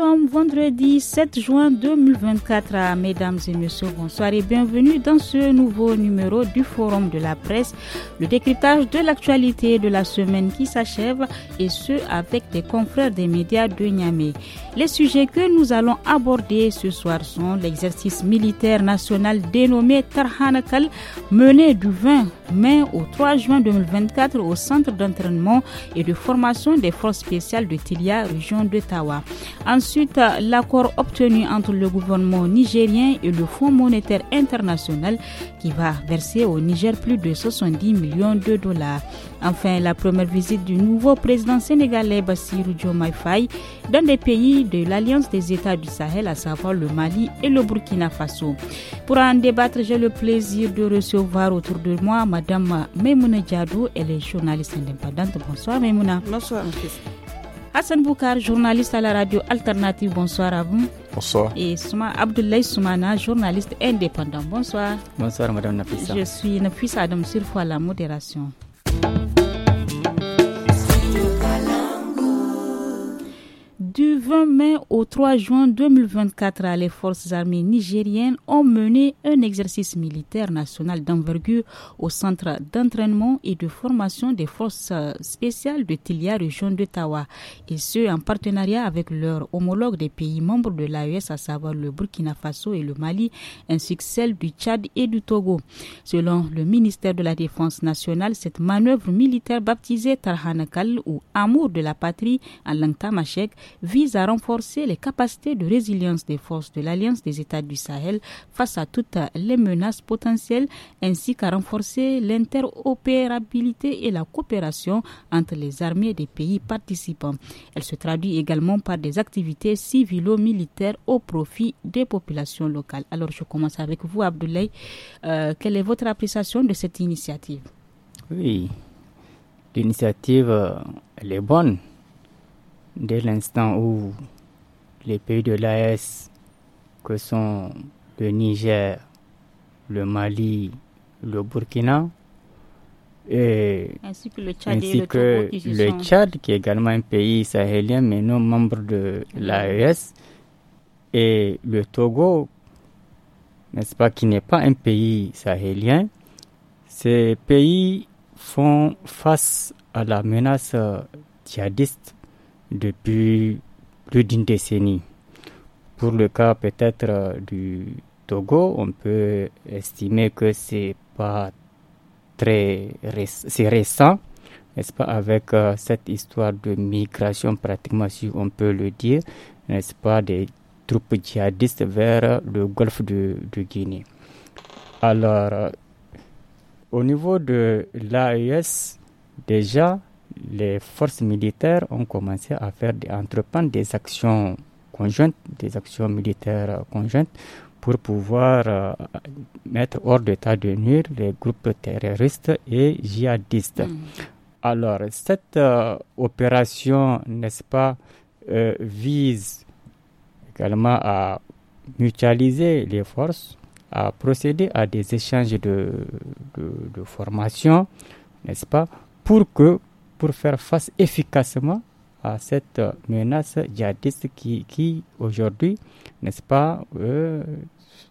from vendredi 7 juin 2024. Mesdames et messieurs, bonsoir et bienvenue dans ce nouveau numéro du Forum de la presse, le décryptage de l'actualité de la semaine qui s'achève et ce avec des confrères des médias de Niamey. Les sujets que nous allons aborder ce soir sont l'exercice militaire national dénommé Tarhanakal, mené du 20 mai au 3 juin 2024 au centre d'entraînement et de formation des forces spéciales de Tilia, région d'Ottawa. Ensuite, l'accord obtenu entre le gouvernement nigérien et le Fonds monétaire international qui va verser au Niger plus de 70 millions de dollars. Enfin, la première visite du nouveau président sénégalais Bassirou Diomaye Faye dans des pays de l'Alliance des États du Sahel, à savoir le Mali et le Burkina Faso. Pour en débattre, j'ai le plaisir de recevoir autour de moi Madame Memouna Diadou, elle est journaliste indépendante. Bonsoir Memouna. Bonsoir. Hassan Boukar, journaliste à la radio Alternative, bonsoir à vous. Bonsoir. Et Souma Abdoulaye Soumana, journaliste indépendant, bonsoir. Bonsoir, Madame Nafisa. Je suis Nafisa Adam Sirfo à la modération. Du 20 mai au 3 juin 2024, les forces armées nigériennes ont mené un exercice militaire national d'envergure au centre d'entraînement et de formation des forces euh, spéciales de Tilia, région d'Ottawa, et ce en partenariat avec leurs homologues des pays membres de l'AES, à savoir le Burkina Faso et le Mali, ainsi que celles du Tchad et du Togo. Selon le ministère de la Défense nationale, cette manœuvre militaire baptisée Tarhanakal ou Amour de la patrie en langue tamashek vise à renforcer les capacités de résilience des forces de l'Alliance des États du Sahel face à toutes les menaces potentielles ainsi qu'à renforcer l'interopérabilité et la coopération entre les armées des pays participants. Elle se traduit également par des activités civilo-militaires au profit des populations locales. Alors je commence avec vous Abdoulaye. Euh, quelle est votre appréciation de cette initiative Oui, l'initiative, euh, elle est bonne dès l'instant où les pays de l'AS, que sont le Niger, le Mali, le Burkina, et ainsi que le Tchad, qui est également un pays sahélien mais non membre de l'AES, et le Togo, n'est-ce pas, qui n'est pas un pays sahélien, ces pays font face à la menace djihadiste depuis plus d'une décennie. Pour le cas peut-être du Togo, on peut estimer que c'est pas très récent, n'est-ce pas, avec euh, cette histoire de migration pratiquement si on peut le dire, n'est-ce pas, des troupes djihadistes vers le golfe de, Guinée. Alors, euh, au niveau de l'AES, déjà, les forces militaires ont commencé à faire des entreprendre des actions conjointes, des actions militaires conjointes pour pouvoir euh, mettre hors d'état de nuire les groupes terroristes et djihadistes. Mmh. Alors, cette euh, opération, n'est-ce pas, euh, vise également à mutualiser les forces, à procéder à des échanges de, de formation, n'est-ce pas, pour que pour faire face efficacement à cette menace djihadiste qui, aujourd'hui, n'est-ce pas, euh,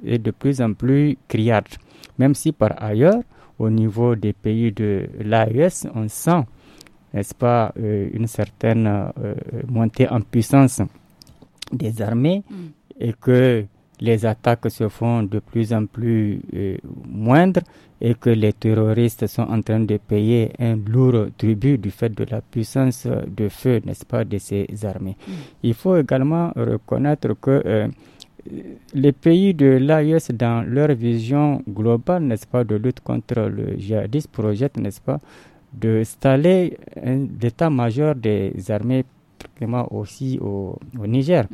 est de plus en plus criarde. Même si par ailleurs, au niveau des pays de l'AES, on sent, n'est-ce pas, euh, une certaine euh, montée en puissance des armées mm. et que les attaques se font de plus en plus euh, moindres et que les terroristes sont en train de payer un lourd tribut du fait de la puissance de feu, n'est-ce pas, de ces armées. Mm. Il faut également reconnaître que euh, les pays de l'AES, dans leur vision globale, n'est-ce pas, de lutte contre le djihadisme, projettent, n'est-ce pas, de un état major des armées aussi au, Niger.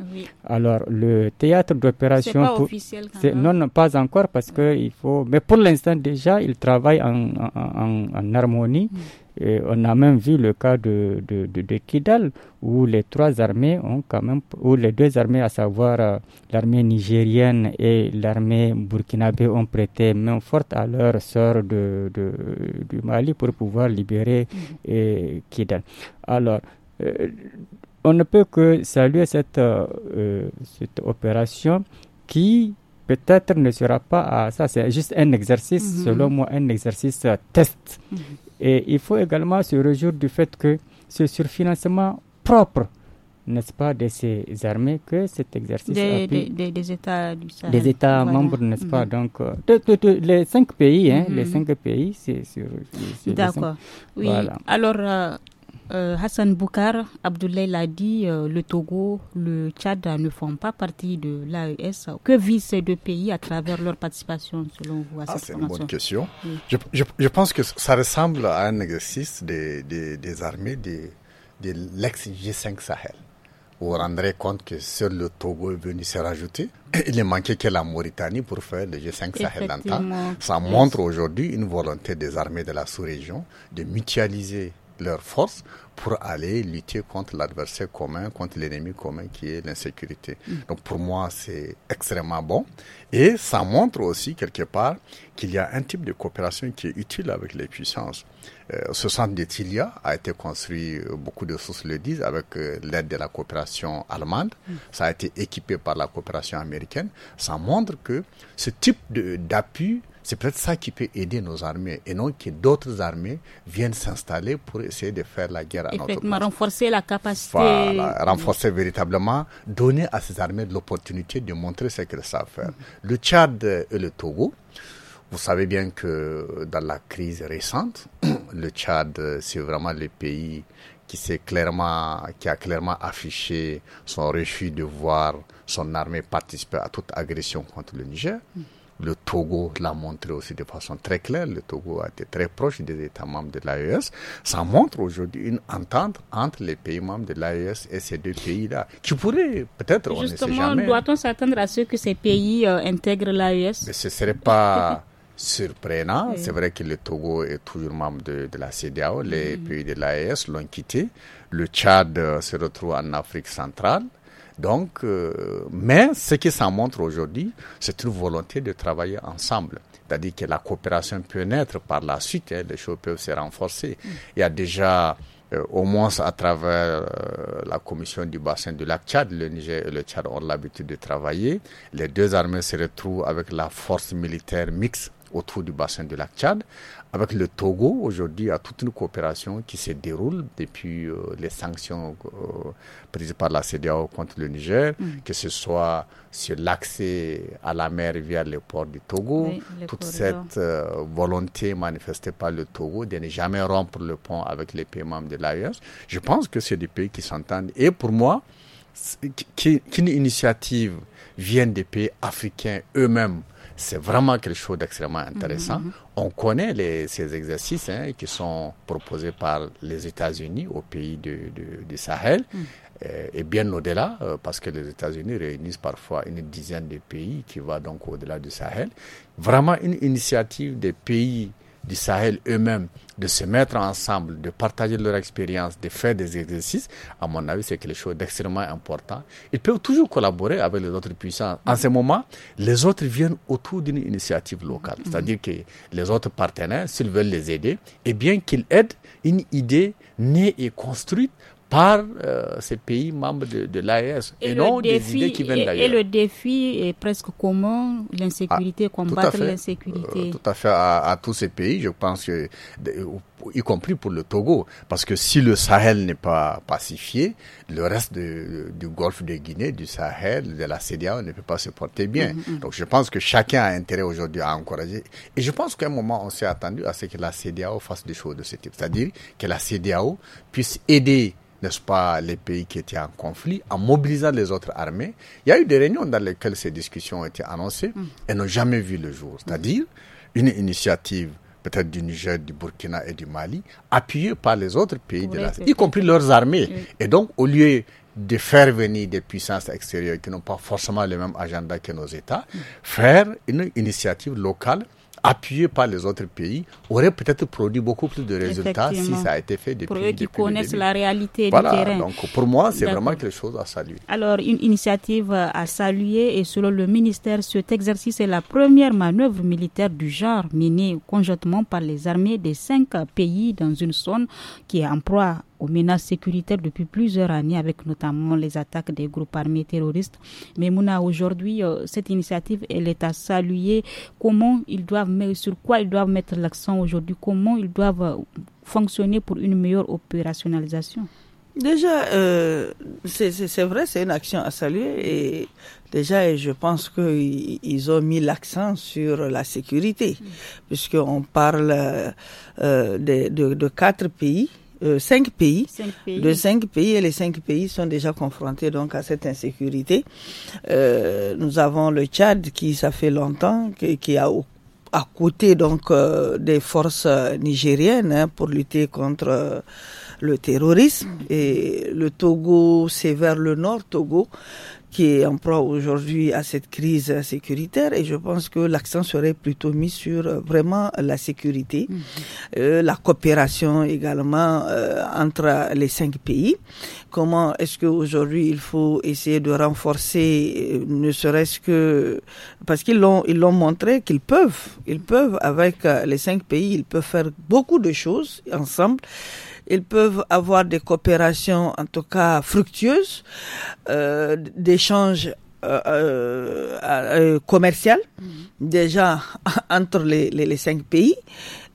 Alors, le théâtre d'opération. C'est pas officiel Non, pas encore parce que il faut. Mais pour l'instant, déjà, ils travaillent en, harmonie. Mm. on a même vu le cas de, de, Kidal, où les trois armées ont quand même, où les deux armées, à savoir euh, l'armée nigérienne et l'armée burkinabé, ont prêté main forte à leur sœur de, du Mali pour pouvoir libérer mm. Kidal. Alors, euh, on ne peut que saluer cette, euh, euh, cette opération qui peut-être ne sera pas ça. C'est juste un exercice, mhm. selon moi, un exercice test. Mhm. Et il faut également se réjouir du fait que ce surfinancement propre, n'est-ce pas, de ces armées, que cet exercice des, des, États Des États membres, n'est-ce pas mhm. Donc, les cinq pays, hein, les cinq pays, c'est sur. D'accord. Oui. Alors. Euh, Hassan Boukar, Abdoulaye l'a dit, euh, le Togo, le Tchad ne font pas partie de l'AES. Que vivent ces deux pays à travers leur participation, selon vous, à ah, C'est une bonne question. Je, pense que ça ressemble à un exercice des, des, des armées de, l'ex-G5 Sahel. Vous vous rendrez compte que seul le Togo est venu se rajouter. Il ne manquait que la Mauritanie pour faire le G5 Sahel temps. Ça montre aujourd'hui une volonté des armées de la sous-région de mutualiser leurs forces pour aller lutter contre l'adversaire commun, contre l'ennemi commun qui est l'insécurité. Mm. Donc pour moi, c'est extrêmement bon. Et ça montre aussi quelque part qu'il y a un type de coopération qui est utile avec les puissances. Euh, ce centre de a été construit, euh, beaucoup de sources le disent, avec euh, l'aide de la coopération allemande. Mm. Ça a été équipé par la coopération américaine. Ça montre que ce type d'appui c'est peut-être ça qui peut aider nos armées et non que d'autres armées viennent s'installer pour essayer de faire la guerre à notre renforcer la capacité. renforcer véritablement, donner à ces armées l'opportunité de montrer ce qu'elles savent faire. Le Tchad et le Togo, vous savez bien que dans la crise récente, le Tchad, c'est vraiment le pays qui clairement, qui a clairement affiché son refus de voir son armée participer à toute agression contre le Niger. Le Togo l'a montré aussi de façon très claire. Le Togo a été très proche des États membres de l'AES. Ça montre aujourd'hui une entente entre les pays membres de l'AES et ces deux pays-là, qui pourraient, peut-être, on ne sait doit-on s'attendre à ce que ces pays euh, intègrent l'AES Mais ce ne serait pas surprenant. C'est vrai que le Togo est toujours membre de, la CDAO. Les mm. pays de l'AES l'ont quitté. Le Tchad euh, se retrouve en Afrique centrale. Donc, euh, mais ce qui s'en montre aujourd'hui, c'est une volonté de travailler ensemble. C'est-à-dire que la coopération peut naître par la suite, hein, les choses peuvent se renforcer. Il y a déjà euh, au moins à travers euh, la commission du bassin du lac Tchad, le Niger et le Tchad ont l'habitude de travailler. Les deux armées se retrouvent avec la force militaire mixte autour du bassin du lac Tchad. Avec le Togo, aujourd'hui, il y a toute une coopération qui se déroule depuis euh, les sanctions euh, prises par la CDAO contre le Niger, mm. que ce soit sur l'accès à la mer via le port du Togo, toute cette euh, volonté manifestée par le Togo de ne jamais rompre le pont avec les pays membres de l'AES. Je pense que c'est des pays qui s'entendent. Et pour moi, qu'une initiative vienne des pays africains eux-mêmes, c'est vraiment quelque chose d'extrêmement intéressant. Mhm, mhm. On connaît les, ces exercices hein, qui sont proposés par les États-Unis aux pays du, du Sahel. Mhm. Et, euh, et bien au-delà, euh, parce que les États-Unis réunissent parfois une dizaine de pays qui va donc au-delà du Sahel. Vraiment une initiative des pays du Sahel eux-mêmes de se mettre ensemble, de partager leur expérience, de faire des exercices, à mon avis, c'est quelque chose d'extrêmement important. Ils peuvent toujours collaborer avec les autres puissances. En ce moment, les autres viennent autour d'une initiative locale, mhm. c'est-à-dire que les autres partenaires, s'ils veulent les aider, eh bien qu'ils aident une idée née et construite par euh, ces pays membres de, de l'AES et, non des idées qui viennent d'ailleurs. Et le défi est presque commun, l'insécurité, ah, combattre l'insécurité. Euh, tout à fait, à, à, tous ces pays, je pense que, y compris pour le Togo, parce que si le Sahel n'est pas pacifié, le reste du golfe de Guinée, du Sahel, de la CDAO ne peut pas se porter bien. Mm-hmm, mm-hmm. Donc je pense que chacun a intérêt aujourd'hui à encourager. Et je pense qu'à un moment, on s'est attendu à ce que la CDAO fasse des choses de ce type, c'est-à-dire que la CDAO puisse aider n'est-ce pas, les pays qui étaient en conflit, en mobilisant les autres armées. Il y a eu des réunions dans lesquelles ces discussions ont été annoncées mm. et n'ont jamais vu le jour. C'est-à-dire une initiative peut-être du Niger, du Burkina et du Mali, appuyée par les autres pays, de la... y compris leurs armées. Et donc, au lieu de faire venir des puissances extérieures qui n'ont pas forcément le même agenda que nos États, mm. faire une initiative locale appuyé par les autres pays, aurait peut-être produit beaucoup plus de résultats si ça a été fait depuis. Pour eux qui connaissent la réalité du terrain. Donc pour moi, c'est vraiment quelque chose à saluer. Alors une initiative à saluer et selon le ministère, cet exercice est la première manœuvre militaire du genre menée conjointement par les armées des cinq pays dans une zone qui est en proie aux menaces sécuritaires depuis plusieurs années, avec notamment les attaques des groupes armés terroristes. Mais Mouna, aujourd'hui, euh, cette initiative, elle est à saluer. Comment ils doivent, sur quoi ils doivent mettre l'accent aujourd'hui Comment ils doivent euh, fonctionner pour une meilleure opérationnalisation Déjà, euh, c'est vrai, c'est une action à saluer et déjà, je pense qu'ils ont mis l'accent sur la sécurité, mm. puisqu'on parle de, de, quatre pays euh, cinq, pays, de cinq pays, et les cinq pays sont déjà confrontés donc à cette insécurité. Euh, nous avons le Tchad qui, ça fait longtemps, qui, a à côté donc euh, des forces nigériennes hein, pour lutter contre le terrorisme et le Togo c'est vers le nord Togo qui est en proie aujourd'hui à cette crise sécuritaire et je pense que l'accent serait plutôt mis sur euh, vraiment la sécurité, mhm. euh, la coopération également euh, entre les cinq pays. Comment est-ce qu'aujourd'hui il faut essayer de renforcer, euh, ne serait-ce que parce qu'ils l'ont ils l'ont montré qu'ils peuvent, ils peuvent avec euh, les cinq pays, ils peuvent faire beaucoup de choses ensemble. Ils peuvent avoir des coopérations, en tout cas fructueuses, euh, d'échanges euh, euh, euh mhm. déjà entre les, cinq pays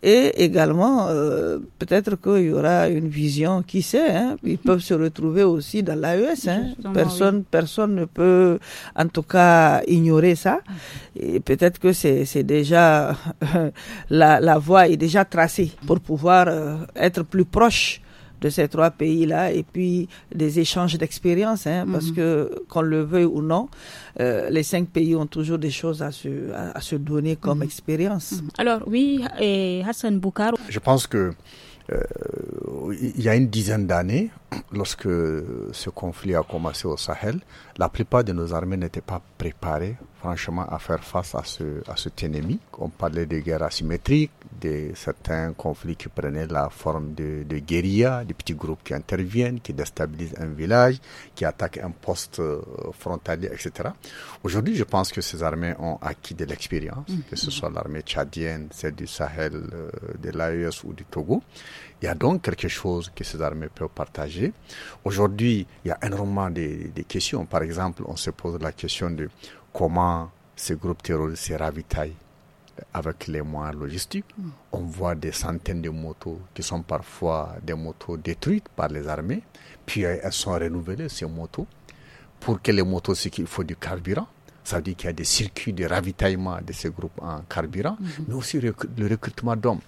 et également, euh, peut-être qu'il y aura une vision, qui sait, hein, ils mhm. peuvent se retrouver aussi dans l'AES. Hein. Personne, personne ne peut, en tout cas, ignorer ça. Mhm. Et peut-être que c'est, c'est déjà la, la voie est déjà tracée pour pouvoir euh, être plus proche de ces trois pays-là et puis des échanges d'expériences, hein, parce mhm. que qu'on le veuille ou non, euh, les cinq pays ont toujours des choses à se, à, se donner comme mhm. expérience. Mhm. Alors oui, et Hassan Boukar. Je pense que euh, il y a une dizaine d'années, lorsque ce conflit a commencé au Sahel, la plupart de nos armées n'étaient pas préparées, franchement, à faire face à, ce, à cet ennemi. On parlait de guerre asymétrique, de certains conflits qui prenaient la forme de, de guérilla, des petits groupes qui interviennent, qui déstabilisent un village, qui attaquent un poste euh, frontalier, etc. Aujourd'hui, je pense que ces armées ont acquis de l'expérience, mm. que ce soit l'armée tchadienne, celle du Sahel, euh, de l'AES ou du Togo. Il y a donc quelque chose que ces armées peuvent partager. Aujourd'hui, il y a énormément de questions. Par exemple, on se pose la question de comment ces groupes terroristes se ravitaillent avec les moyens logistiques. Hmm. On voit des centaines de motos qui sont parfois des motos détruites par les armées, puis euh, elles sont renouvelées, ces motos. Pour que les motos, c'est qu'il faut du carburant. Ça veut dire qu'il y a des circuits de ravitaillement de ces groupes en carburant, hmm. mais aussi le recrutement d'hommes.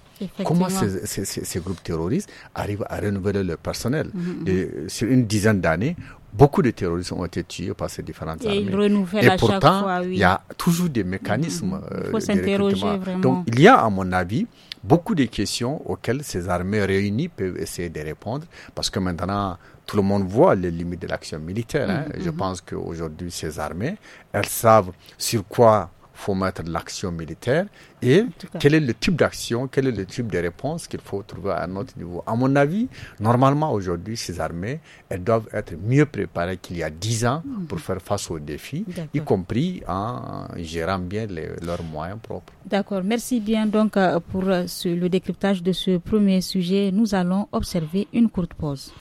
Comment ces, groupes terroristes arrivent à renouveler leur personnel hmm, euh, Sur une dizaine d'années, Beaucoup de terroristes ont été tués par ces différentes armées. et pourtant, il y a toujours des mécanismes il euh, faut s'interroger vraiment. Donc, il y a, à mon avis, beaucoup de questions auxquelles ces armées réunies peuvent essayer de répondre, parce que maintenant, tout le monde voit les limites de l'action militaire. Hein. Mm, Je mm. pense qu'aujourd'hui, ces armées, elles savent sur quoi faut mettre l'action militaire et quel est le type d'action, quel est le type de réponse qu'il faut trouver à notre niveau. À mon avis, normalement aujourd'hui, ces armées, elles doivent être mieux préparées qu'il y a dix ans mm. pour faire face aux défis, y compris en gérant bien leurs moyens propres. D'accord, merci bien donc euh, pour euh, le décryptage de ce premier sujet. Nous allons observer une courte pause.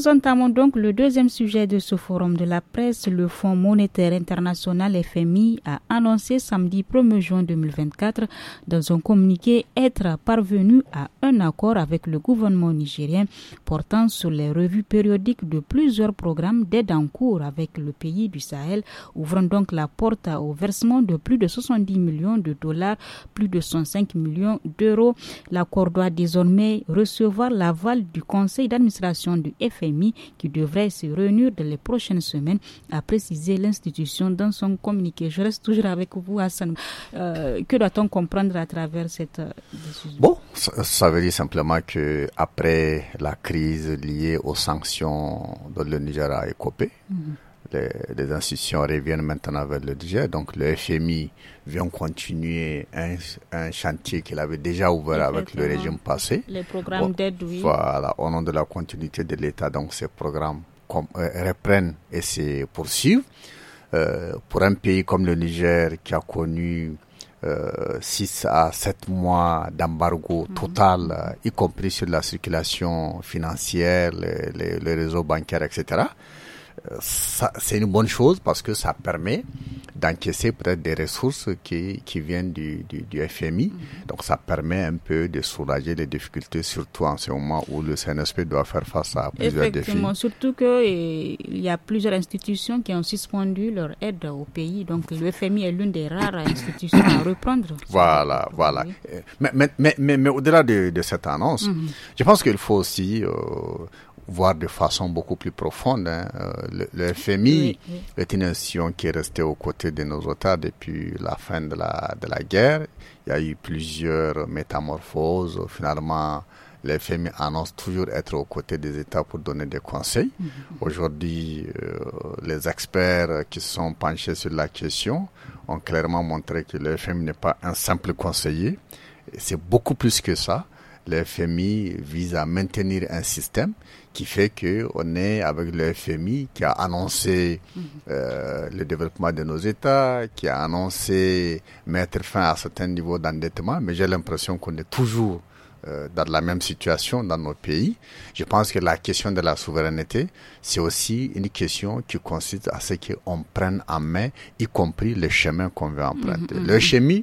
nous entamons donc le deuxième sujet de ce forum de la presse. Le Fonds monétaire international FMI a annoncé samedi 1er juin 2024 dans un communiqué être parvenu à un accord avec le gouvernement nigérien portant sur les revues périodiques de plusieurs programmes d'aide en cours avec le pays du Sahel, ouvrant donc la porte au versement de plus de 70 millions de dollars, plus de 105 millions d'euros. L'accord doit désormais recevoir l'aval du conseil d'administration du FMI qui devrait se réunir dans les prochaines semaines, a précisé l'institution dans son communiqué. Je reste toujours avec vous, Hassan. Euh, que doit-on comprendre à travers cette euh, Bon, ça, veut dire simplement que après la crise liée aux sanctions dont le Niger a écopé, mm les, institutions reviennent maintenant vers le Niger. Donc le FMI vient continuer un, chantier qu'il avait déjà ouvert avec le régime passé. Les programmes d'aide, oui. Voilà, au nom de la continuité de l'État, donc ces programmes euh, reprennent et se poursuivent. Euh, pour un pays comme le Niger qui a connu 6 euh, à 7 mois d'embargo mhm. total, y compris sur la circulation financière, le réseau bancaire, etc c'est une bonne chose parce que ça permet d'encaisser peut-être des ressources qui, qui viennent du, du, FMI. Mhm. Donc ça permet un peu de soulager les difficultés, surtout en ce moment où le CNSP doit faire face à plusieurs Effectivement, défis. Surtout qu'il eh, y a plusieurs institutions qui ont suspendu leur aide au pays. Donc le FMI est l'une des rares institutions à reprendre. Voilà, voilà. Eh, mais, mais, mais, au-delà de, cette annonce, mhm. je pense qu'il faut aussi... Euh, voire de façon beaucoup plus profonde. Hein, euh, le, FMI est une institution qui est restée aux côtés de nos États depuis la fin de la, de la guerre. Il y a eu plusieurs métamorphoses. Finalement, le FMI annonce toujours être aux côtés des États pour donner des conseils. Mhm. Aujourd'hui, euh, les experts qui se sont penchés sur la question ont clairement montré que le FMI n'est pas un simple conseiller. C'est beaucoup plus que ça le FMI vise à maintenir un système qui fait que on est avec le FMI qui a annoncé mhm. euh, le développement de nos États, qui a annoncé mettre fin à certains niveaux d'endettement, mais j'ai l'impression qu'on est toujours euh, dans la même situation dans nos pays. Je pense que la question de la souveraineté, c'est aussi une question qui consiste à ce qu'on prenne en main, y compris le chemin qu'on veut emprunter. Mhm, le mhm, chemin,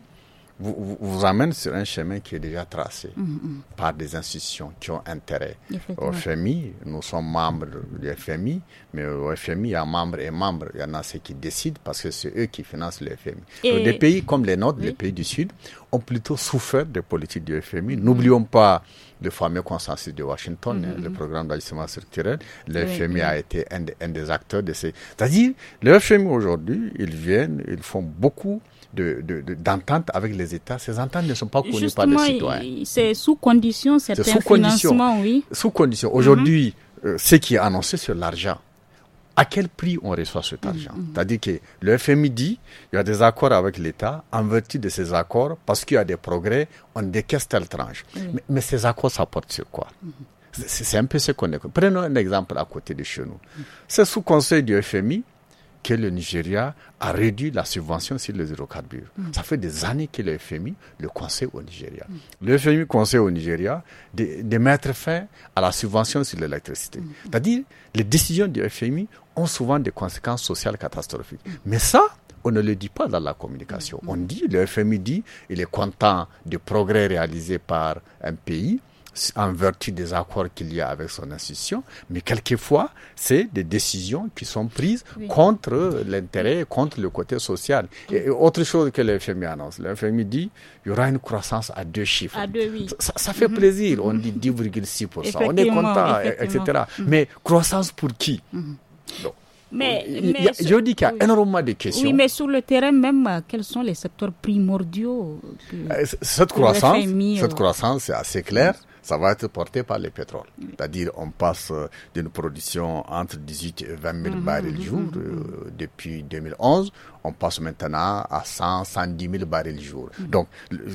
vous, vous, amène sur un chemin qui est déjà tracé mm, mm. par des institutions qui ont intérêt. Au FMI, nous sommes membres du FMI, mais au FMI, il y a membres et membres. Il y en a ceux qui décident parce que c'est eux qui financent le FMI. des pays comme les nôtres, les pays du Sud, ont plutôt souffert des politiques du FMI. N'oublions pas le fameux consensus de Washington, mm, le programme d'ajustement structurel. Le FMI a été un, un, des acteurs de ces... C'est-à-dire, le FMI aujourd'hui, ils viennent, ils font beaucoup d'entente de, avec les États, ces ententes ne sont pas connues par les citoyens. C'est sous condition, certains oui. Sous condition. Aujourd'hui, mhm. euh, ce qui est annoncé sur l'argent, à quel prix on reçoit cet mhm. argent C'est-à-dire que le FMI dit il y a des accords avec l'État, en vertu de ces accords, parce qu'il y a des progrès, on décaisse telle tranche. mais, mais, ces accords, ça porte sur quoi mhm. C'est un peu ce qu'on est. Prenons un exemple à côté de chez nous. C'est sous conseil du FMI, que le Nigeria a réduit la subvention sur le hydrocarbures. Mm. Ça fait des années que le FMI le conseille au Nigeria. Mm. Le FMI conseille au Nigeria de, mettre fin à la subvention sur l'électricité. Mm. C'est-à-dire, les décisions du FMI ont souvent des conséquences sociales catastrophiques. Mais ça, on ne le dit pas dans la communication. On dit, le FMI dit, il est content du progrès réalisé par un pays, en vertu des accords qu'il y a avec son institution, mais quelquefois, c'est des décisions qui sont prises contre l'intérêt, contre le côté social. autre chose que l'FMI annonce, l'FMI dit il y aura une croissance à deux chiffres. ça, fait mm-hmm. plaisir, on dit 10,6%, mm-hmm. on est content, etc. Mm-hmm. Mais croissance pour qui mais, je dis qu'il y a énormément de questions. Oui, mais sur le terrain même, quels sont les secteurs primordiaux euh, Cette croissance, cette euh, croissance, c'est assez clair ça va être porté par les pétrole. C'est-à-dire, on passe euh, d'une production entre 18 et 20 000 barils barils jour mhm, euh, mhm, mhm. depuis 2011. On passe maintenant à 100, 110 000 barils jour. Donc,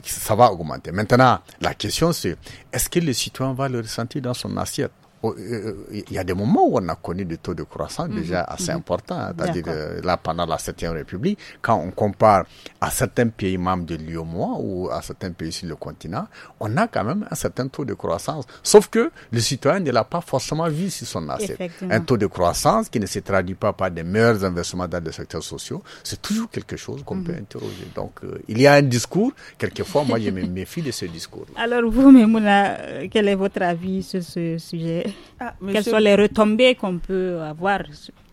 ça va augmenter. Maintenant, la question c'est, est-ce que le citoyen va le ressentir dans son assiette? Euh, euh, il y a des moments où on a connu des taux de croissance mhm. déjà assez mhm. importants. C'est-à-dire euh, là, pendant la 7 République, quand on compare à certains pays membres de l'UOMOA ou à certains pays sur le continent, on a quand même un certain taux de croissance. Sauf que le citoyen ne l'a pas forcément vu si son assiette. Un taux de croissance qui ne se traduit pas par des meilleurs investissements dans les secteurs sociaux, c'est toujours quelque chose qu'on mhm. peut interroger. Donc, il y a un discours. Quelquefois, moi, je me méfie de ce discours. Alors, vous, Mémoula quel est votre avis sur ce sujet ah, quelles sont les retombées qu'on peut avoir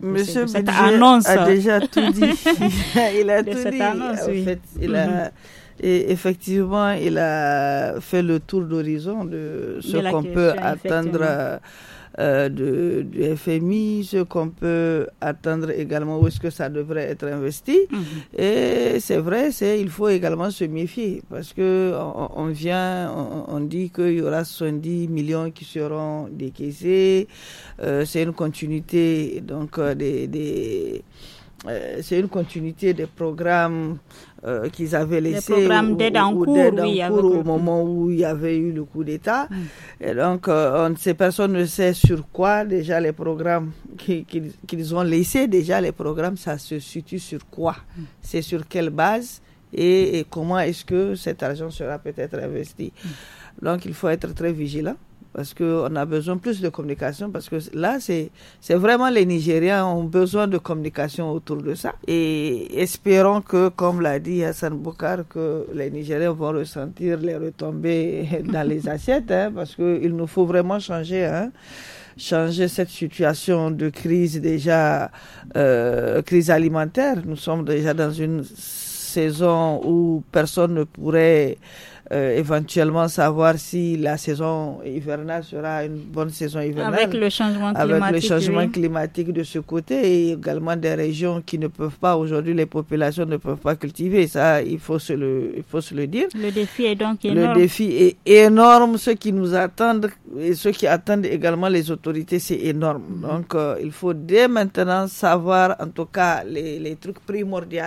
monsieur cette annonce annonce. a déjà tout dit. il a tout dit. il mhm. Et effectivement, il a fait le tour d'horizon de ce qu'on peut attendre euh, du FMI, ce qu'on peut attendre également, où est-ce que ça devrait être investi. Mhm. Et c'est vrai, il faut également se méfier parce que on, vient, on, dit qu'il y aura 70 millions qui seront décaissés. Euh, c'est une continuité donc euh, des, c'est une continuité des programmes euh, qu'ils avaient laissé les programmes d'aide en cours, au moment où il y avait eu le coup d'État. Mm. Et donc, euh, ces personnes ne sait, sur quoi déjà les programmes qu'ils ont laissés, déjà les programmes, ça se situe sur quoi mm. C'est sur quelle base et, comment est-ce que cet argent sera peut-être investi mm. Donc, il faut être très vigilant parce qu'on a besoin plus de communication, parce que là, c'est vraiment les Nigériens ont besoin de communication autour de ça. Et espérons que, comme l'a dit Hassan Boukar, que les Nigériens vont ressentir les retombées dans les assiettes, hein, parce qu'il nous faut vraiment changer. Hein changer cette situation de crise déjà, euh, crise alimentaire. Nous sommes déjà dans une saison où personne ne pourrait euh, éventuellement savoir si la saison hivernale sera une bonne saison hivernale. Avec le changement climatique. Avec le changement climatique de ce côté et également des régions qui ne peuvent pas, aujourd'hui, les populations ne peuvent pas cultiver. Ça, il faut se le, il faut se le dire. Le défi est donc énorme. Le défi est énorme. Ceux qui nous attendent et ceux qui attendent également les autorités, c'est énorme. Mm-hmm. Donc, euh, il faut dès maintenant savoir, en tout cas, les, les trucs primordiaux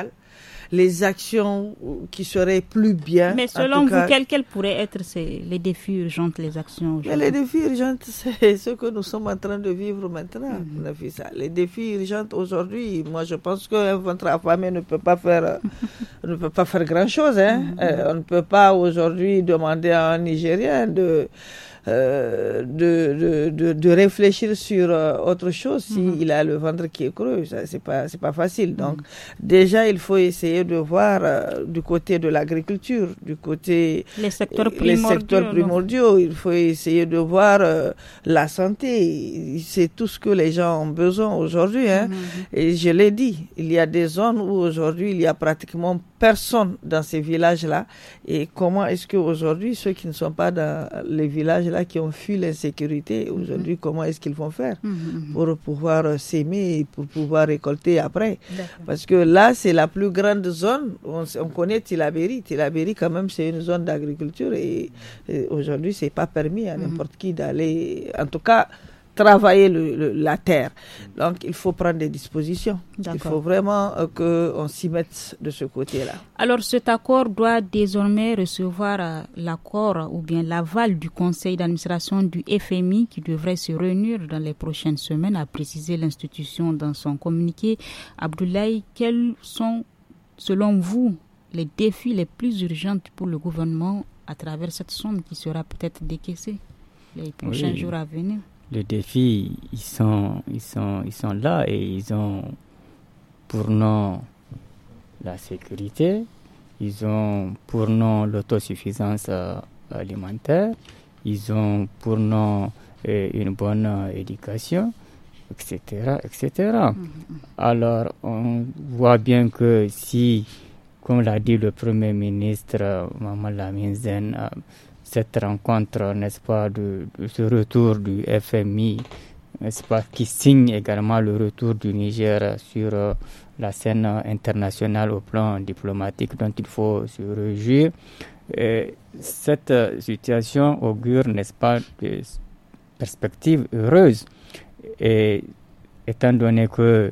les actions qui seraient plus bien. Mais selon vous, quels quel pourraient être ces, les défis urgents, les actions urgentes Les défis urgents, c'est ce que nous sommes en train de vivre maintenant. Mhm. Les défis urgents aujourd'hui, moi je pense qu'un ventre affamé ne peut pas faire, euh, ne peut pas faire grand-chose. Hein. Mhm. Euh, on ne peut pas aujourd'hui demander à un Nigérien de de, de, de, réfléchir sur euh, autre chose s'il mhm. a le ventre qui est creux. Ce n'est pas, pas facile. Donc, déjà, il faut essayer de voir euh, du côté de l'agriculture, du côté les euh, secteurs primordiaux. Les secteurs primordiaux. Il faut essayer de voir la santé. C'est tout ce que les gens ont besoin aujourd'hui. Hein. Mhm. Et je l'ai dit, il y a des zones où aujourd'hui, il y a pratiquement personne dans ces villages-là. Et comment est-ce qu'aujourd'hui, ceux qui ne sont pas dans les villages qui ont fui l'insécurité, mhm. aujourd'hui, comment est-ce qu'ils vont faire mhm, mhm, pour pouvoir euh, s'aimer et pour pouvoir récolter après Parce que là, c'est la plus grande zone. On, on connaît Tilaberi. Tilaberi, quand même, c'est une zone d'agriculture et, et aujourd'hui, c'est pas permis à n'importe qui d'aller. En tout cas, travailler la terre. Donc, il faut prendre des dispositions. Il faut vraiment euh, qu'on s'y mette de ce côté-là. Alors, cet accord doit désormais recevoir euh, l'accord ou bien l'aval du conseil d'administration du FMI qui devrait se réunir dans les prochaines semaines, a précisé l'institution dans son communiqué. Abdoulaye, quels sont, selon vous, les défis les plus urgents pour le gouvernement à travers cette somme qui sera peut-être décaissée les prochains jours à venir les défis, ils sont, ils, sont, ils sont là et ils ont pour nom la sécurité, ils ont pour nom l'autosuffisance euh, alimentaire, ils ont pour nous euh, une bonne éducation, etc. etc. Mm-hmm. Alors on voit bien que si, comme l'a dit le Premier ministre euh, Maman Zen cette rencontre, n'est-ce pas, de, ce retour du FMI, n'est-ce pas, qui signe également le retour du Niger sur euh, la scène internationale au plan diplomatique dont il faut se réjouir. cette euh, situation augure, n'est-ce pas, des perspectives heureuses. Et étant donné que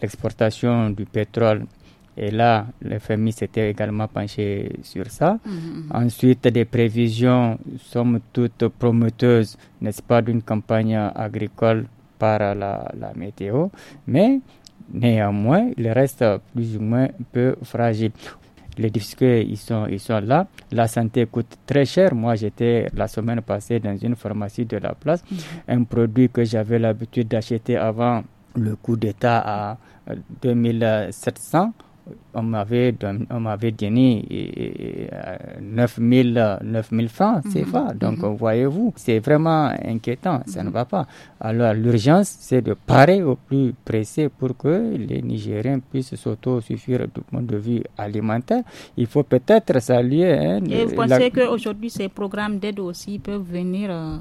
l'exportation du pétrole et là, le FMI s'était également penché sur ça. Mmh, mmh, mmh. Ensuite, des prévisions, somme toutes prometteuses, n'est-ce pas, d'une campagne agricole par la, météo. Mais néanmoins, il reste plus ou moins un peu fragile. Les difficultés, ils sont, ils sont là. La santé coûte très cher. Moi, j'étais la semaine passée dans une pharmacie de la place. Un produit que j'avais l'habitude d'acheter avant le coût d'État à 2700 on m'avait on m'avait donné 9000 9000 euh, francs c'est mhm. vrai donc mhm. voyez-vous c'est vraiment inquiétant ça ne mhm. va pas alors l'urgence c'est de parer au plus pressé pour que les Nigériens puissent s'auto-suffire du point de vue alimentaire il faut peut-être saluer hein, et vous pensez qu'aujourd'hui ces programmes d'aide aussi peuvent venir euh,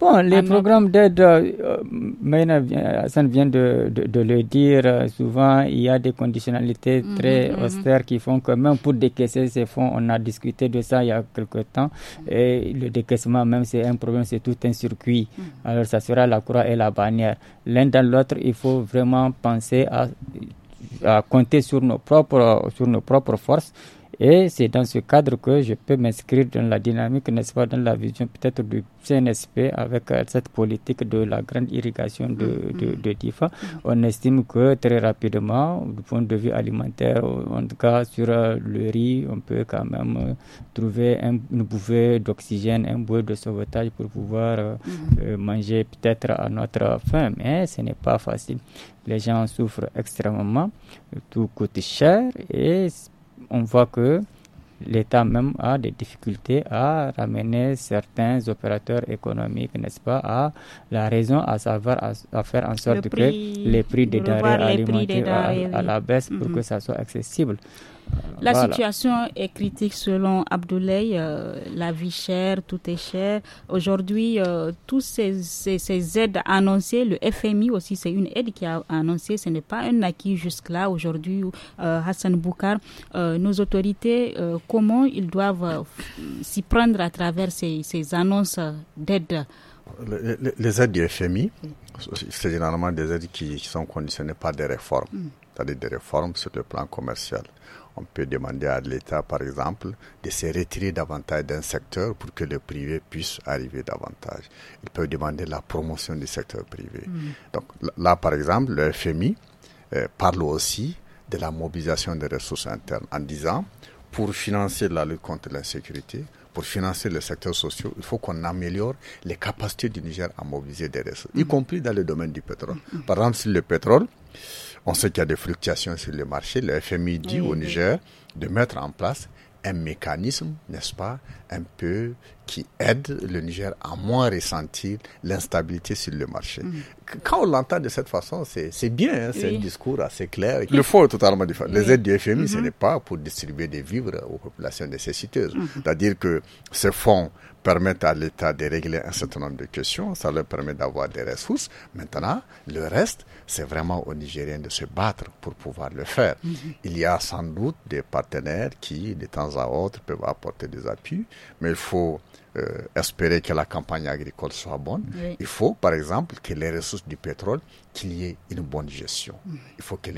Bon, les programmes d'aide, ça euh, Hassan vient de, le dire, euh, souvent il y a des conditionnalités mhm, très mhm. austères qui font que même pour décaisser ces fonds, on a discuté de ça il y a quelque temps, mhm. et le décaissement même c'est un problème, c'est tout un circuit. Alors ça sera la croix et la bannière. L'un dans l'autre, il faut vraiment penser à, compter sur nos propres, sur nos propres forces et c'est dans ce cadre que je peux m'inscrire dans la dynamique, n'est-ce pas, dans la vision peut-être du CNSP avec euh, cette politique de la grande irrigation de, mm-hmm. de, On estime que très rapidement, du point de vue alimentaire, euh, en tout cas sur euh, le riz, on peut quand même trouver un, une d'oxygène, un bouée de sauvetage pour pouvoir mm-hmm. manger peut-être à notre faim. Mais ce n'est pas facile. Les gens souffrent extrêmement, tout coûte cher et on voit que l'État même a des difficultés à ramener certains opérateurs économiques, n'est-ce pas, à la raison, à savoir, à, faire en sorte que les prix des denrées alimentaires à, la baisse pour mm-hmm. que ça soit accessible. La situation est critique selon Abdoulaye. Euh, la vie chère, tout est cher. Aujourd'hui, euh, toutes ces, aides annoncées, le FMI aussi, c'est une aide qui a annoncé. Ce n'est pas un acquis jusque-là. Aujourd'hui, euh, Hassan Boukar, nos autorités, comment ils doivent s'y prendre à travers ces, annonces d'aide les, aides du FMI, c'est généralement des aides qui, qui sont conditionnées par des réformes, mm. c'est-à-dire des réformes sur le plan commercial. On peut demander à l'État, par exemple, de se retirer davantage d'un secteur pour que le privé puisse arriver davantage. Il peut demander la promotion du secteur privé. Mm. Donc là, par exemple, le FMI euh, parle aussi de la mobilisation des ressources internes en disant, pour financer la lutte contre l'insécurité, pour financer le secteur social, il faut qu'on améliore les capacités du Niger à mobiliser des ressources, y mm-hmm. compris dans le domaine du pétrole. Mm-hmm. Par exemple, sur le pétrole, on sait qu'il y a des fluctuations sur le marché. Le FMI dit au Niger de mettre en place un mécanisme, n'est-ce pas, un peu qui aide le Niger à moins ressentir l'instabilité sur le marché. Mm. Quand on l'entend de cette façon, c'est bien, hein, c'est un discours assez clair. Le fond est totalement différent. Les aides du FMI, ce mm-hmm. n'est pas pour distribuer des vivres aux populations nécessiteuses. Mm-hmm. C'est-à-dire que ce fonds permettent à l'État de régler un certain nombre de questions, ça leur permet d'avoir des ressources. Maintenant, le reste, c'est vraiment aux Nigériens de se battre pour pouvoir le faire. Mhm. Il y a sans doute des partenaires qui, de temps à autre, peuvent apporter des appuis, mais il faut euh, espérer que la campagne agricole soit bonne. Il faut, par exemple, que les ressources du pétrole, qu'il y ait une bonne gestion. Mhm. Il faut que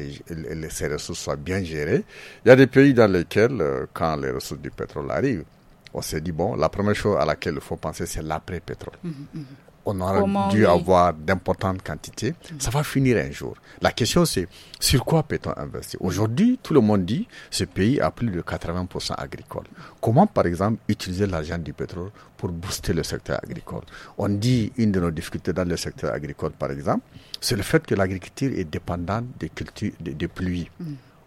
ces ressources soient bien gérées. Il y a des pays dans lesquels, euh, quand les ressources du pétrole arrivent, on s'est dit, bon, la première chose à laquelle il faut penser, c'est l'après-pétrole. Mhm, mhm. On aura dû avoir d'importantes quantités. Mhm. Ça va finir un jour. La question, c'est sur quoi peut-on investir Aujourd'hui, tout le monde dit, ce pays a plus de 80% agricole. Comment, par exemple, utiliser l'argent du pétrole pour booster le secteur agricole On dit, une de nos difficultés dans le secteur agricole, par exemple, c'est le fait que l'agriculture est dépendante des cultures, des pluies.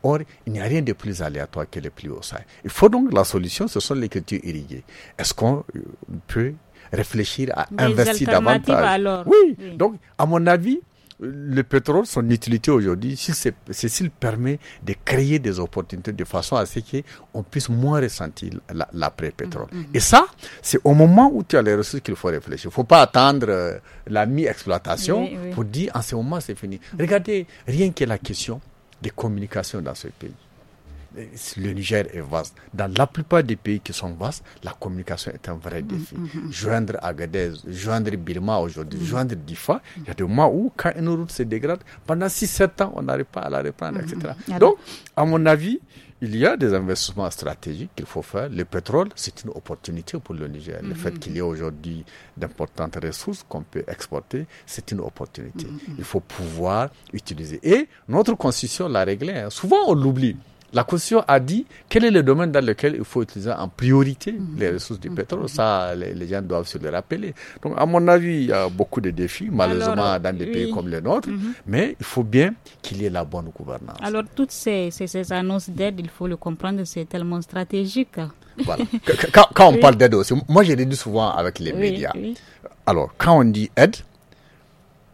Or, il n'y a rien de plus aléatoire que les plus au Sahel. Il faut donc la solution, ce sont les cultures irriguées. Est-ce qu'on euh, peut réfléchir à investir davantage Oui. donc à mon avis, le pétrole, son utilité aujourd'hui, c'est s'il permet de créer des opportunités de façon à ce qu'on puisse moins ressentir l'après-pétrole. La mm, mm. Et ça, c'est au moment où tu as les ressources qu'il faut réfléchir. Il ne faut pas attendre euh, la mi-exploitation pour dire en ce moment c'est fini. Regardez, rien que la question des communications dans ce pays. Le Niger est vaste. Dans la plupart des pays qui sont vastes, la communication est un vrai défi. Mm, mm, mm. Joindre Agadez, joindre Birma aujourd'hui, joindre Difa, il y a des mois où, quand une route se dégrade, pendant 6-7 ans, on n'arrive pas à la reprendre, etc. Donc, à mon avis, il y a des investissements stratégiques qu'il faut faire. Le pétrole, c'est une opportunité pour le Niger. Le mhm. fait qu'il y ait aujourd'hui d'importantes ressources qu'on peut exporter, c'est une opportunité. Mhm. Il faut pouvoir utiliser. Et notre constitution l'a réglé. Hein. Souvent, on l'oublie. La Constitution a dit quel est le domaine dans lequel il faut utiliser en priorité mhm. les ressources du mhm. pétrole. Ça, les, gens doivent se le rappeler. Donc, à mon avis, il y a beaucoup de défis, malheureusement, dans des pays comme le nôtre, mhm. mais il faut bien qu'il y ait la bonne gouvernance. Alors, toutes ces, annonces d'aide, il faut le comprendre, c'est tellement stratégique. Voilà. quand, on parle d'aide aussi, moi, j'ai dit souvent avec les médias. Alors, quand on dit aide,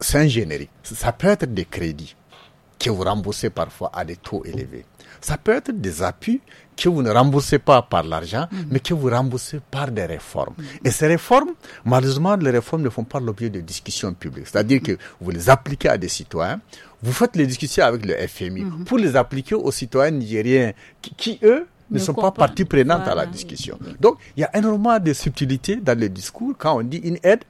c'est un générique. Ça peut être des crédits que vous remboursez parfois à des taux élevés. Ça peut être des appuis que vous ne remboursez pas par l'argent, mhm. mais que vous remboursez par des réformes. Et ces réformes, malheureusement, les réformes ne font pas l'objet de discussions publiques. C'est-à-dire que vous les appliquez à des citoyens, vous faites les discussions avec le FMI mhm. pour les appliquer aux citoyens nigériens qui, eux, ne, sont pas partie prenante à la discussion. Donc, il y a énormément de subtilités dans le discours quand on dit une aide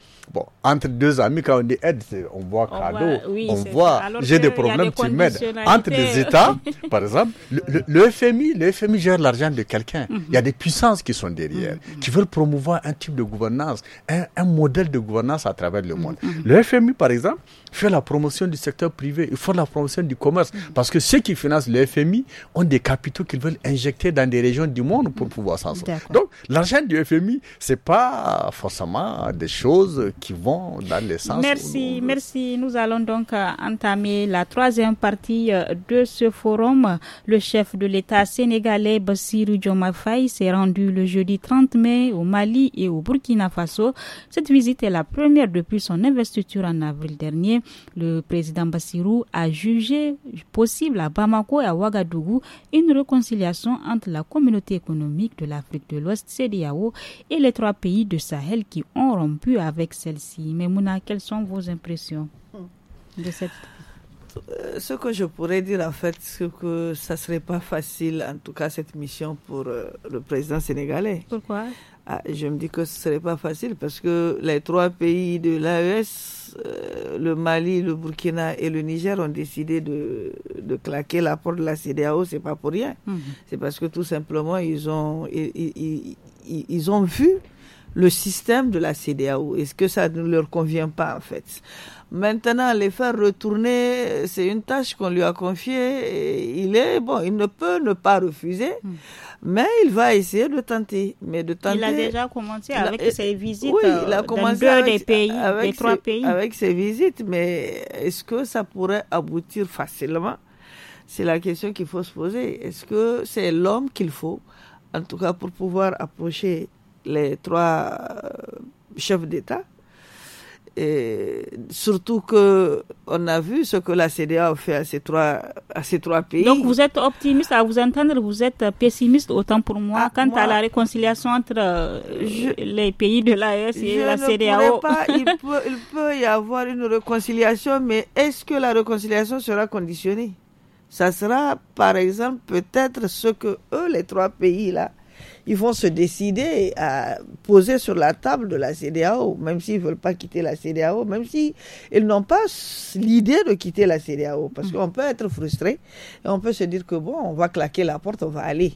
entre deux amis, quand on dit aide, on voit cadeau, on voit, j'ai des problèmes, tu m'aides. Entre des États, par exemple, le, FMI, le FMI gère l'argent de quelqu'un. Mhm. Il y a des puissances qui sont derrière, mhm. qui veulent promouvoir un type de gouvernance, un, modèle de gouvernance à travers le monde. Mhm. Le FMI, par exemple, fait la promotion du secteur privé, il fait la promotion du commerce, parce que ceux qui financent le FMI ont des capitaux qu'ils veulent injecter dans des régions du monde pour pouvoir s'en sortir. Donc, l'argent du FMI, c'est pas forcément des choses qui vont dans les sens. Merci, merci. Nous allons donc euh, entamer la troisième partie euh, de ce forum. Le chef de l'État sénégalais Bassirou Diomaye s'est rendu le jeudi 30 mai au Mali et au Burkina Faso. Cette visite est la première depuis son investiture en avril dernier. Le président Bassirou a jugé possible à Bamako et à Ouagadougou une réconciliation entre la communauté économique de l'Afrique de l'Ouest, CDAO, et les trois pays de Sahel qui ont rompu avec ces mais Mouna, quelles sont vos impressions hmm. de cette euh, ce que je pourrais dire en fait, c'est que ça serait pas facile, en tout cas cette mission pour euh, le président sénégalais. Pourquoi ah, Je me dis que ce serait pas facile parce que les trois pays de l'AES, euh, le Mali, le Burkina et le Niger ont décidé de, claquer la porte de la CDAO. C'est pas pour rien. Hmm. C'est parce que tout simplement ils ont ils ont vu le système de la CDAO. Est-ce que ça ne leur convient pas en fait Maintenant, les faire retourner, c'est une tâche qu'on lui a confiée. il est bon, il ne peut ne pas refuser, hmm. mais il va essayer de tenter. Mais de tenter. Il a déjà commencé avec ses visites. Euh, dans deux des pays, avec trois pays. Avec ses visites, mais est-ce que ça pourrait aboutir facilement C'est la question qu'il faut se poser. Est-ce que c'est l'homme qu'il faut, en tout cas pour pouvoir approcher les trois euh, chefs d'État. Et surtout que on a vu ce que la CDA a fait à ces trois, à ces trois pays. Donc vous êtes optimiste à vous entendre, vous êtes pessimiste autant pour moi ah, quant à la réconciliation entre euh, les pays de l'AES et je la ne Pas, il, peut, il peut y avoir une réconciliation, mais est-ce que la réconciliation sera conditionnée Ça sera par exemple peut-être ce que eux, les trois pays là, ils vont se décider à poser sur la table de la CDAO, même s'ils ne veulent pas quitter la CDAO, même s'ils n'ont pas l'idée de quitter la CDAO. Parce mm. qu'on peut être frustré et on peut se dire que bon, on va claquer la porte, on va aller.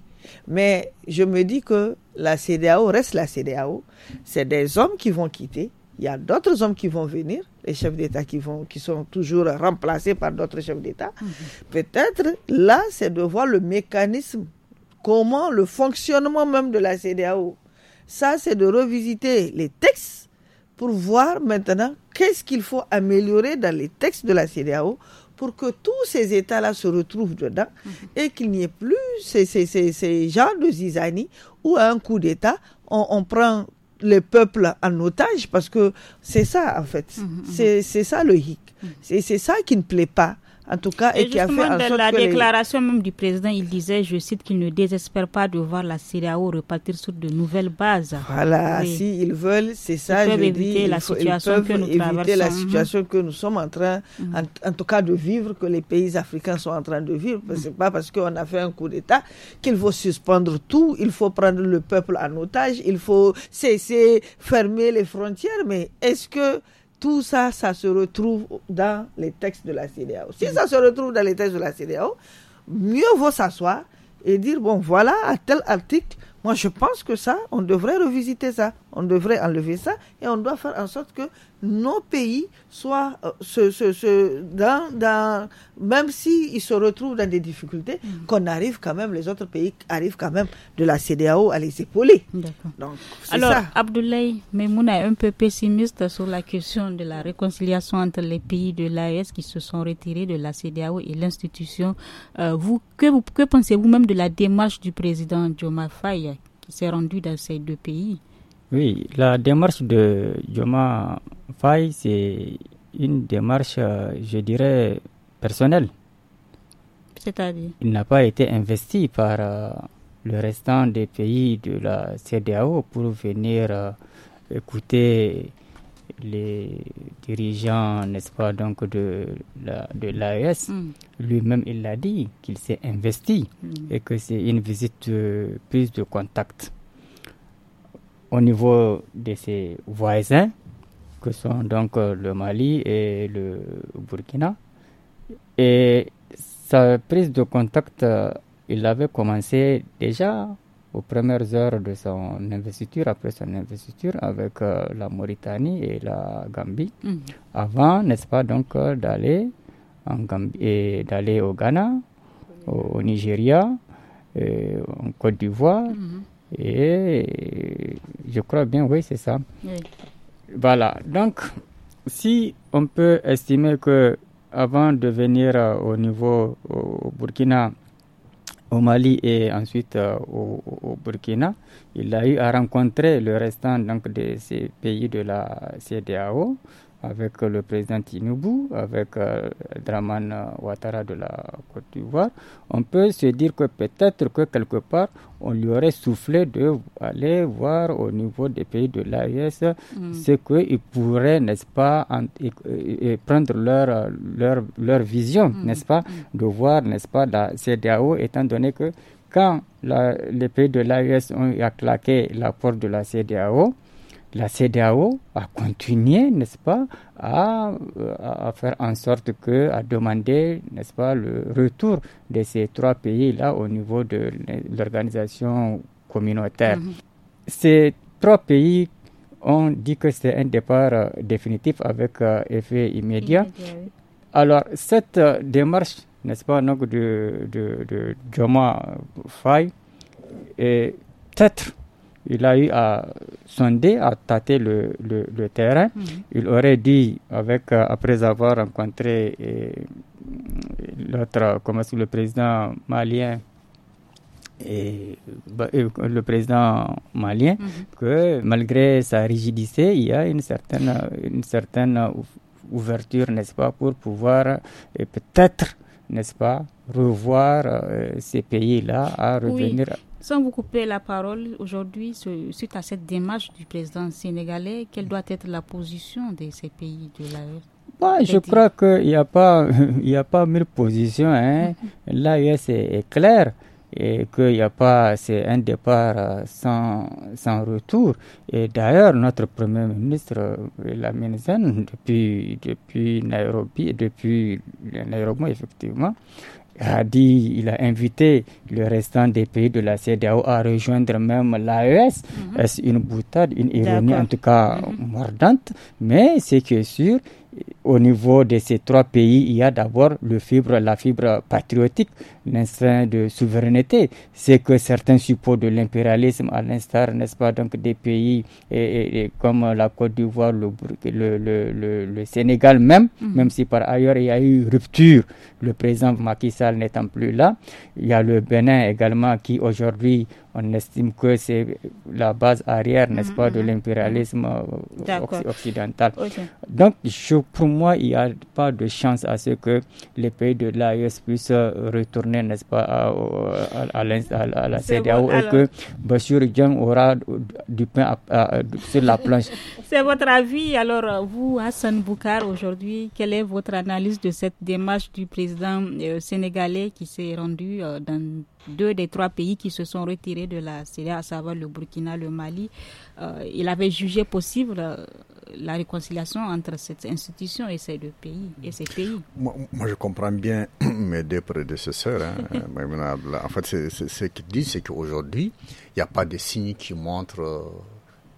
Mais je me dis que la CDAO reste la CDAO. C'est des hommes qui vont quitter. Il y a d'autres hommes qui vont venir, les chefs d'État qui, vont, qui sont toujours remplacés par d'autres chefs d'État. Mm-hmm. Peut-être là, c'est de voir le mécanisme comment le fonctionnement même de la CDAO. Ça, c'est de revisiter les textes pour voir maintenant qu'est-ce qu'il faut améliorer dans les textes de la CDAO pour que tous ces États-là se retrouvent dedans mhm. et qu'il n'y ait plus ces, ces, genres de zizanie où à un coup d'État, on, on, prend les peuples en otage parce que c'est ça en fait, mhm, mhm. c'est ça le hic, c'est ça qui ne plaît pas en tout cas, et, qui la déclaration même du président, il disait, je cite, qu'il ne désespère pas de voir la CDAO repartir sur de nouvelles bases. Voilà, si ils veulent, c'est ça, je dis, la éviter la hein. situation que nous sommes en train, mm. en, tout cas, de vivre, que les pays africains sont en train de vivre. C'est pas parce qu'on a fait un coup d'État qu'il faut suspendre tout, il faut prendre le peuple en otage, il faut cesser, fermer les frontières. Mais est-ce que tout ça, ça se retrouve dans les textes de la CDAO. Si ça se retrouve dans les textes de la CDAO, mieux vaut s'asseoir et dire, bon, voilà, à tel article, moi je pense que ça, on devrait revisiter ça on devrait enlever ça et on doit faire en sorte que nos pays soient ce, euh, dans, dans, même s'ils se retrouvent dans des difficultés, mm. qu'on arrive quand même, les autres pays arrivent quand même de la CDAO à les épauler. Donc, Alors, Abdoulaye Memouna est un peu pessimiste sur la question de la réconciliation entre les pays de l'AES qui se sont retirés de la CDAO et l'institution. Euh, vous, que, vous, que pensez-vous même de la démarche du président Joma Faye qui s'est rendu dans ces deux pays oui, la démarche de Joma Faye, c'est une démarche, je dirais, personnelle. C'est-à-dire Il n'a pas été investi par euh, le restant des pays de la CDAO pour venir euh, écouter les dirigeants, n'est-ce pas, donc de la, de l'AES. Hmm. Lui-même, il l'a dit qu'il s'est investi hmm. et que c'est une visite de de contact au niveau de ses voisins, que sont donc euh, le Mali et le Burkina. Et sa prise de contact, euh, il avait commencé déjà aux premières heures de son investiture, après son investiture, avec euh, la Mauritanie et la Gambie, mhm. avant, n'est-ce pas, donc d'aller en Gambie d'aller au Ghana, au, Nigeria, en Côte d'Ivoire, mhm. Et je crois bien, oui, c'est ça. Voilà. Donc, si on peut estimer que avant de venir euh, au niveau au Burkina, au Mali et ensuite euh, au, au, Burkina, il a eu à rencontrer le restant donc, de ces pays de la CDAO avec euh, le président Tinubu, avec euh, Draman euh, Ouattara de la Côte d'Ivoire, on peut se dire que peut-être que quelque part, on lui aurait soufflé d'aller voir au niveau des pays de l'AES mm. ce qu'ils pourraient, n'est-ce pas, prendre leur, vision, mm. n'est-ce pas, mm. de voir, n'est-ce pas, la CDAO, étant donné que quand les pays de l'AES ont claqué la porte de la CDAO, la CDAO a continué, n'est-ce pas, à, faire en sorte que, à demander, n'est-ce pas, le retour de ces trois pays-là au niveau de l'organisation communautaire. Mm-hmm. Ces trois pays ont dit que c'est un départ euh, définitif avec euh, effet immédiat. Alors, cette euh, démarche, n'est-ce pas, donc, de, de, de Joma est peut-être il a eu à sonder, à tâter le, terrain. Mm-hmm. Il aurait dit, avec, euh, après avoir rencontré euh, l'autre, euh, le président malien, et, bah, le président malien, mm-hmm. que malgré sa rigidité, il y a une certaine, une certaine ouverture, n'est-ce pas, pour pouvoir peut-être, n'est-ce pas, revoir ces pays-là à revenir. Sans vous couper la parole, aujourd'hui, suite à cette démarche du président sénégalais, quelle doit être la position de ces pays de l'AES je crois qu'il n'y a pas, il a pas mille positions. Hein. L'AES est, est claire et qu'il n'y a pas, c'est un départ euh, sans, sans retour. Et d'ailleurs, notre premier ministre, euh, la ministre, depuis, depuis Nairobi, depuis Nairobi, effectivement, a dit, il a invité le restant des pays de la CDAO à rejoindre même l'AES. c'est mhm. Est-ce une boutade, une ironie en tout cas mhm. mordante Mais c'est que est sûr, au niveau de ces trois pays, il y a d'abord le fibre, la fibre patriotique, l'instinct de souveraineté. C'est que certains supposent de l'impérialisme, à l'instar, n'est-ce pas, donc des pays comme la Côte d'Ivoire, le, le, le, Sénégal même, mhm. même si par ailleurs il y a eu rupture, le président Macky Sall n'étant plus là. Il y a le Bénin également qui aujourd'hui on estime que c'est la base arrière, n'est-ce pas, de l'impérialisme occidental. Donc, pour moi, il n'y a pas de chance à ce que les pays de l'AES puissent retourner, n'est-ce pas, à, la CDAO et que Bashir Jung aura du pain sur la planche. c'est votre avis. Alors, vous, Hassan Boukar, aujourd'hui, quelle est votre analyse de cette démarche du président euh, sénégalais qui s'est rendu euh, dans deux des trois pays qui se sont retirés de la Syrie, à savoir le Burkina, le Mali. Euh, il avait jugé possible euh, la réconciliation entre cette institution et ces deux pays. Et ces pays. Moi, je comprends bien mes deux prédécesseurs. Hein, en fait, ce qu'ils disent, c'est qu'aujourd'hui, il n'y a pas de signes qui montrent euh,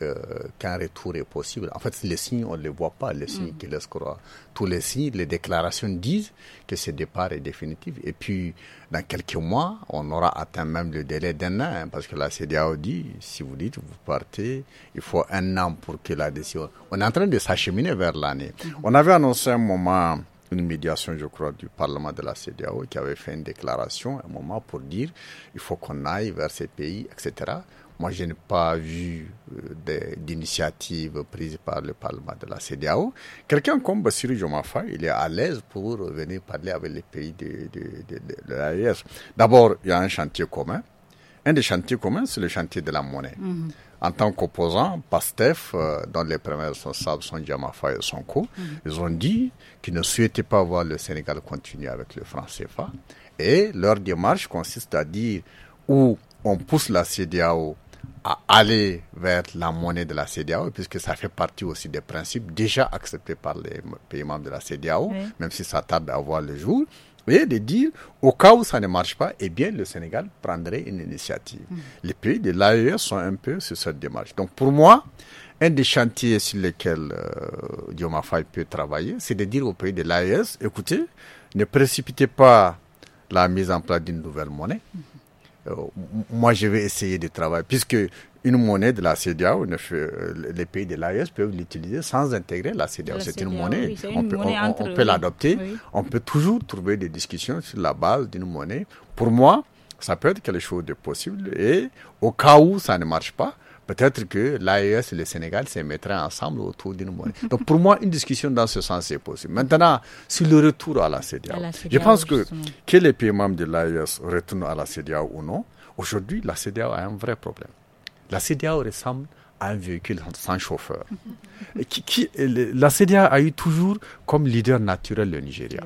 euh, qu'un retour est possible. En fait, les signes, on ne les voit pas, les signes mm. qui laissent croire. Tous les signes, les déclarations disent que ce départ est définitif. Et puis, dans quelques mois, on aura atteint même le délai d'un an, hein, parce que la CDAO dit, si vous dites, vous partez, il faut un an pour que la décision... On est en train de s'acheminer vers l'année. Mm-hmm. On avait annoncé un moment une médiation, je crois, du Parlement de la CDAO qui avait fait une déclaration un moment pour dire il faut qu'on aille vers ces pays, etc. Moi, je n'ai pas vu euh, d'initiative prise par le Parlement de la CDAO. Quelqu'un comme Bassirou Jomafa, il est à l'aise pour venir parler avec les pays de, de, e D'abord, il y a un chantier commun. Un des chantiers communs, c'est le chantier de la monnaie. Mm-hmm. En tant qu'opposant, PASTEF, euh, dont les premiers responsables sont Jamafa et Sonko, mm-hmm. ils ont dit qu'ils ne souhaitaient pas voir le Sénégal continuer avec le franc CFA. Et leur démarche consiste à dire où on pousse la CDAO à aller vers la monnaie de la CDAO, puisque ça fait partie aussi des principes déjà acceptés par les pays membres de la CDAO, même si ça tarde à voir le jour. Et de dire, au cas où ça ne marche pas, eh bien, le Sénégal prendrait une initiative. Mm. Les pays de l'AES sont un peu sur cette démarche. Donc, pour moi, un des chantiers sur lesquels euh, Dioma peut travailler, c'est de dire aux pays de l'AES, écoutez, ne précipitez pas la mise en place d'une nouvelle monnaie. Mm-hmm. Euh, moi, je vais essayer de travailler, puisque une monnaie de la CEDEAO, euh, les pays de l'AES peuvent l'utiliser sans intégrer la CEDEAO. C'est une monnaie, on peut, l'adopter, on peut toujours trouver des discussions sur la base d'une monnaie. Pour moi, ça peut être quelque chose de possible et au cas où ça ne marche pas, Peut-être que l'AES et le Sénégal se mettraient ensemble autour d'une monnaie. Donc pour moi, une discussion dans ce sens est possible. Maintenant, sur le retour à la CEDEAO, je pense que que les pays membres de l'AES retournent à la CEDEAO ou non, aujourd'hui, la CEDEAO a un vrai problème. La CEDEAO ressemble un véhicule sans chauffeur. la CDA a eu toujours comme leader naturel le Nigeria.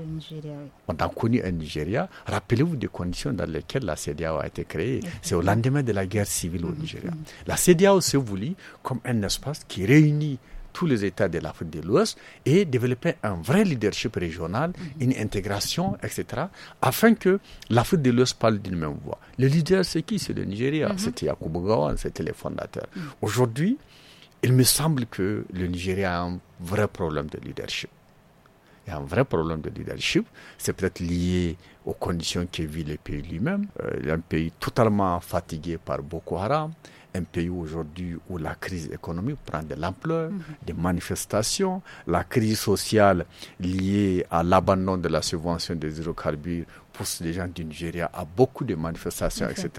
On a connu un Nigeria. Rappelez-vous des conditions dans lesquelles la CDA a été créée. C'est au lendemain de la guerre civile au Nigeria. Mm-hmm. La CDA se voulit comme un espace qui réunit tous les États de l'Afrique de l'Ouest et développer un vrai leadership régional, mhm. une intégration, etc., afin que l'Afrique de l'Ouest parle d'une même voix. Le leader, c'est qui C'est le Nigeria, mhm. c'était Yakubu Gawan, c'était les fondateurs. Mhm. Aujourd'hui, il me semble que le Nigeria a un vrai problème de leadership. Il y a un vrai problème de leadership. C'est peut-être lié aux conditions que vit le pays lui-même. Euh, un pays totalement fatigué par Boko Haram un pays aujourd'hui où la crise économique prend de l'ampleur, des manifestations, la crise sociale liée à l'abandon de la subvention des hydrocarbures pousse les gens du Nigeria à beaucoup de manifestations, etc.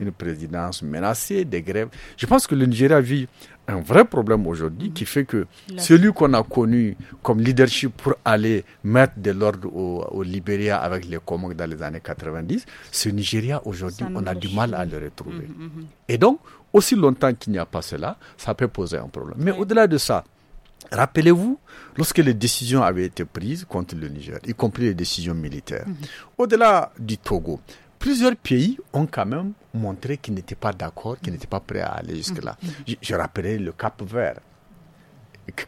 Une présidence menacée, des grèves. Je pense que le Nigeria vit un vrai problème aujourd'hui qui fait que celui qu'on a connu comme leadership pour aller mettre de l'ordre au, Libéria avec les Comoques dans les années 90, ce Nigeria aujourd'hui, on a du mal à le retrouver. Mm-hmm, mm-hmm. Et donc, aussi longtemps qu'il n'y a pas cela, ça peut poser un problème. Mais au-delà de ça, Rappelez-vous, lorsque les décisions avaient été prises contre le Niger, y compris les décisions militaires, mhm. au-delà du Togo, plusieurs pays ont quand même montré qu'ils n'étaient pas d'accord, qu'ils n'étaient pas prêts à aller jusque-là. Mhm. Je, rappellerai le Cap Vert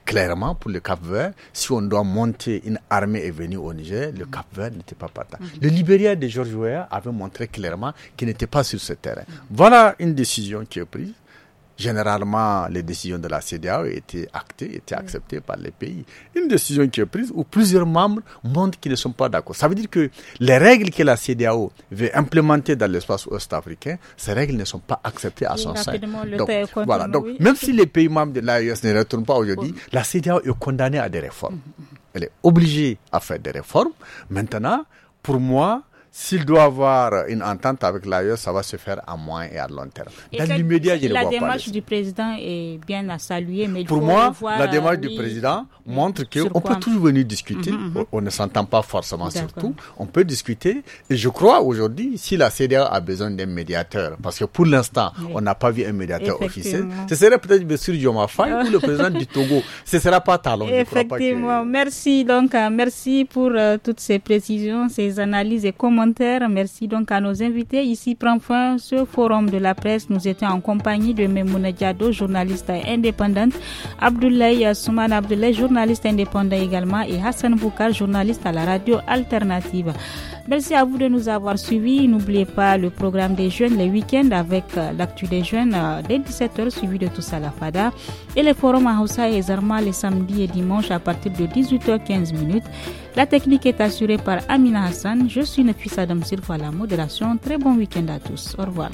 clairement pour le Cap Vert, si on doit monter une armée et venir au Niger, le Cap Vert n'était pas partant. Mhm. Le Libéria de George Weah avait montré clairement qu'il n'était pas sur ce terrain. Voilà une décision qui est prise. Généralement, les décisions de la CDAO étaient actées, étaient acceptées par les pays. Une décision qui est prise où plusieurs membres montrent qu'ils ne sont pas d'accord. Ça veut dire que les règles que la CDAO veut implémenter dans l'espace ouest-africain, ces règles ne sont pas acceptées à son sein. Donc, même si les pays membres de l'AES ne retournent pas aujourd'hui, la CDAO est condamnée à des réformes. Elle est obligée à faire des réformes. Maintenant, pour moi, s'il doit avoir une entente avec l'ailleurs, ça va se faire à moins et à long terme. Dans l'immédiat, je ne vois pas. La démarche du président est bien à saluer, mais pour moi, la démarche du président montre qu'on peut toujours venir discuter. Mhm, mhm. On ne s'entend pas forcément sur tout. On peut discuter. Et je crois aujourd'hui, si la CDA a besoin d'un médiateur, parce que pour l'instant, on n'a pas vu un médiateur officiel, ce serait peut-être M. Diomafaye ou le président du Togo. Ce ne sera pas Talon. Effectivement. Merci donc, euh, merci pour euh, toutes ces précisions, ces analyses et comment Merci donc à nos invités. Ici prend fin ce forum de la presse. Nous étions en compagnie de Memouna Diado, journaliste indépendante, Abdoulaye Souman Abdoulaye, journaliste indépendant également, et Hassan Boukar, journaliste à la radio alternative. Merci à vous de nous avoir suivis. N'oubliez pas le programme des jeunes les week-ends avec l'actu des jeunes euh, dès 17h suivi de tout ça la FADA et les forums à Hausa et Zarma les samedis et dimanches à partir de 18h15 minutes. La technique est assurée par Amina Hassan. Je suis Nafisa Adam Silva la modération. Très bon week-end à tous. Au revoir.